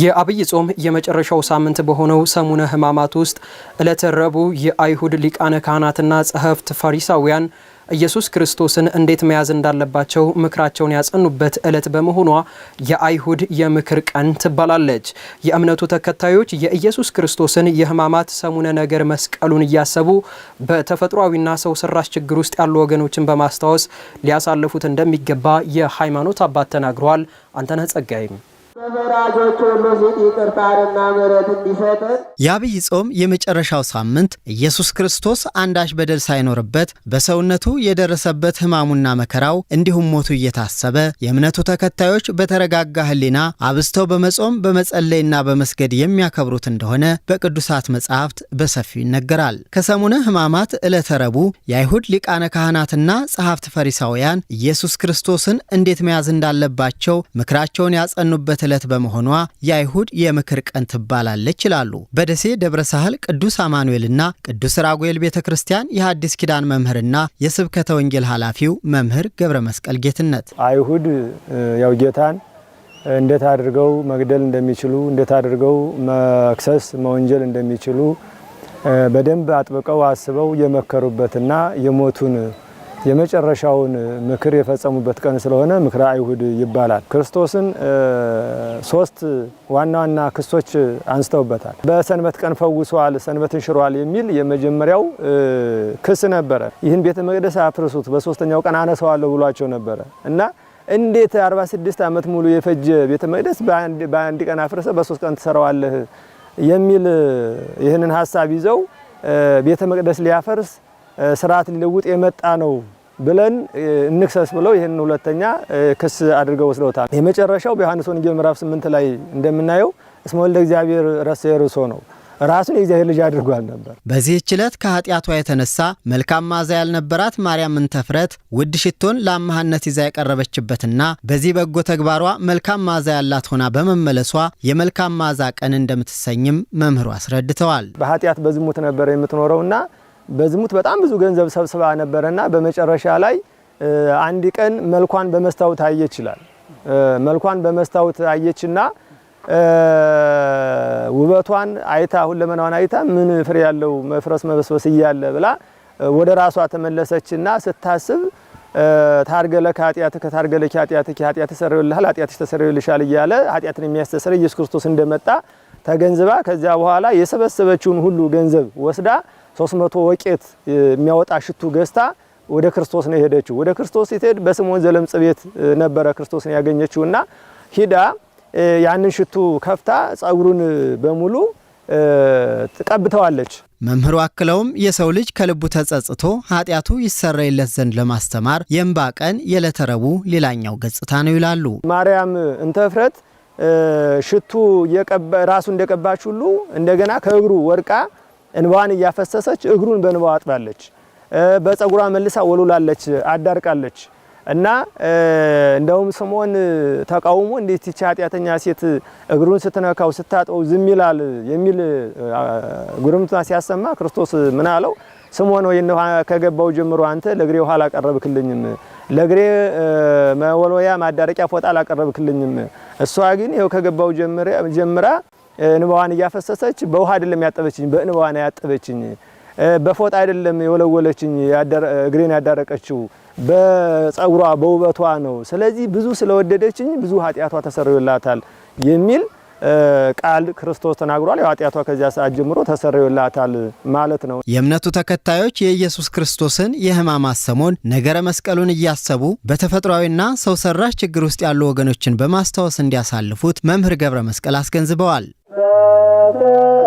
የአብይ ጾም የመጨረሻው ሳምንት በሆነው ሰሙነ ሕማማት ውስጥ ዕለተ ረቡዕ የአይሁድ ሊቃነ ካህናትና ጸሐፍት ፈሪሳውያን ኢየሱስ ክርስቶስን እንዴት መያዝ እንዳለባቸው ምክራቸውን ያጸኑበት ዕለት በመሆኗ የአይሁድ የምክር ቀን ትባላለች። የእምነቱ ተከታዮች የኢየሱስ ክርስቶስን የሕማማት ሰሙነ ነገር መስቀሉን እያሰቡ በተፈጥሯዊና ሰው ሰራሽ ችግር ውስጥ ያሉ ወገኖችን በማስታወስ ሊያሳልፉት እንደሚገባ የሃይማኖት አባት ተናግረዋል። አንተነህ ጸጋይም የአብይ ጾም የመጨረሻው ሳምንት ኢየሱስ ክርስቶስ አንዳች በደል ሳይኖርበት በሰውነቱ የደረሰበት ሕማሙና መከራው እንዲሁም ሞቱ እየታሰበ የእምነቱ ተከታዮች በተረጋጋ ሕሊና አብዝተው በመጾም በመጸለይና በመስገድ የሚያከብሩት እንደሆነ በቅዱሳት መጻሕፍት በሰፊው ይነገራል። ከሰሙነ ሕማማት ዕለተ ረቡዕ የአይሁድ ሊቃነ ካህናትና ጸሐፍት ፈሪሳውያን ኢየሱስ ክርስቶስን እንዴት መያዝ እንዳለባቸው ምክራቸውን ያጸኑበት ዕለት በመሆኗ የአይሁድ የምክር ቀን ትባላለች ይላሉ። በደሴ ደብረ ሳህል ቅዱስ አማኑኤልና ቅዱስ ራጉኤል ቤተ ክርስቲያን የሐዲስ ኪዳን መምህርና የስብከተ ወንጌል ኃላፊው መምህር ገብረ መስቀል ጌትነት አይሁድ ያው ጌታን እንዴት አድርገው መግደል እንደሚችሉ፣ እንዴት አድርገው መክሰስ መወንጀል እንደሚችሉ በደንብ አጥብቀው አስበው የመከሩበትና የሞቱን የመጨረሻውን ምክር የፈጸሙበት ቀን ስለሆነ ምክረ አይሁድ ይባላል። ክርስቶስን ሶስት ዋና ዋና ክሶች አንስተውበታል። በሰንበት ቀን ፈውሰዋል፣ ሰንበትን ሽሯል የሚል የመጀመሪያው ክስ ነበረ። ይህን ቤተ መቅደስ አፍርሱት፣ በሶስተኛው ቀን አነሰዋለሁ ብሏቸው ነበረ እና እንዴት 46 ዓመት ሙሉ የፈጀ ቤተ መቅደስ በአንድ ቀን አፍርሰ በሶስት ቀን ትሰራዋለህ? የሚል ይህንን ሀሳብ ይዘው ቤተ መቅደስ ሊያፈርስ ስርዓት ሊለውጥ የመጣ ነው ብለን እንክሰስ ብለው ይህን ሁለተኛ ክስ አድርገው ወስደውታል። የመጨረሻው በዮሐንስ ወንጌል ምዕራፍ ስምንት ላይ እንደምናየው እስመ ወልደ እግዚአብሔር ረሰ የርሶ ነው። ራሱን የእግዚአብሔር ልጅ አድርጓል ነበር። በዚህች ዕለት ከኃጢአቷ የተነሳ መልካም ማዛ ያልነበራት ማርያም ምንተፍረት ውድ ሽቶን ለአመሃነት ይዛ ያቀረበችበትና በዚህ በጎ ተግባሯ መልካም ማዛ ያላት ሆና በመመለሷ የመልካም ማዛ ቀን እንደምትሰኝም መምህሩ አስረድተዋል። በኃጢአት በዝሙት ነበር የምትኖረውና በዝሙት በጣም ብዙ ገንዘብ ሰብስባ ነበረና በመጨረሻ ላይ አንድ ቀን መልኳን በመስታወት አየች ይላል። መልኳን በመስታወት አየችና ውበቷን አይታ ሁለመናዋን አይታ ምን ፍሬ ያለው መፍረስ መበስበስ እያለ ብላ ወደ ራሷ ተመለሰችና ስታስብ ታርገለ ከኃጢአት ከታርገለ ከኃጢአት ከኃጢአት ተሰረየልሃል ኃጢአትሽ ተሰረየልሻል እያለ ኃጢአትን የሚያስተሰረ ኢየሱስ ክርስቶስ እንደመጣ ተገንዝባ ከዚያ በኋላ የሰበሰበችውን ሁሉ ገንዘብ ወስዳ ሶስት ወቄት የሚያወጣ ሽቱ ገዝታ ወደ ክርስቶስ ነው የሄደችው። ወደ ክርስቶስ ስትሄድ በስምዖን ዘለምጽ ቤት ነበረ ክርስቶስ ክርስቶስን ያገኘችውና ሂዳ ያንን ሽቱ ከፍታ ጸጉሩን በሙሉ ትቀብተዋለች። መምህሩ አክለውም የሰው ልጅ ከልቡ ተጸጽቶ ኃጢአቱ ይሰረይለት ዘንድ ለማስተማር የእንባ ቀን የዕለተ ረቡዕ ሌላኛው ገጽታ ነው ይላሉ። ማርያም እንተፍረት እፍረት ሽቱ ራሱ እንደቀባች ሁሉ እንደገና ከእግሩ ወርቃ እንባዋን እያፈሰሰች እግሩን በንባ አጥባለች። በጸጉሯ መልሳ ወሉላለች፣ አዳርቃለች። እና እንደውም ስምዖን ተቃውሞ እንዴት ይቺ ኃጢአተኛ ሴት እግሩን ስትነካው ስታጥበው ዝም ይላል የሚል ጉርምትና ሲያሰማ ክርስቶስ ምን አለው? ስምዖን ወይ ከገባው ጀምሮ አንተ ለእግሬ ውሃ አላቀረብክልኝም፣ ለእግሬ መወልወያ ማዳረቂያ ፎጣ አላቀረብክልኝም። እሷ ግን ይኸው ከገባው ጀምራ እንባዋን እያፈሰሰች በውሃ አይደለም ያጠበችኝ፣ በእንባዋን ያጠበችኝ፣ በፎጣ አይደለም የወለወለችኝ፣ እግሬን ያዳረቀችው በጸጉሯ በውበቷ ነው። ስለዚህ ብዙ ስለወደደችኝ ብዙ ኃጢአቷ ተሰርዮላታል የሚል ቃል ክርስቶስ ተናግሯል። ኃጢአቷ ከዚያ ሰዓት ጀምሮ ተሰርዮላታል ማለት ነው። የእምነቱ ተከታዮች የኢየሱስ ክርስቶስን የሕማማት ሰሞን ነገረ መስቀሉን እያሰቡ በተፈጥሯዊና ሰው ሰራሽ ችግር ውስጥ ያሉ ወገኖችን በማስታወስ እንዲያሳልፉት መምህር ገብረ መስቀል አስገንዝበዋል። Father.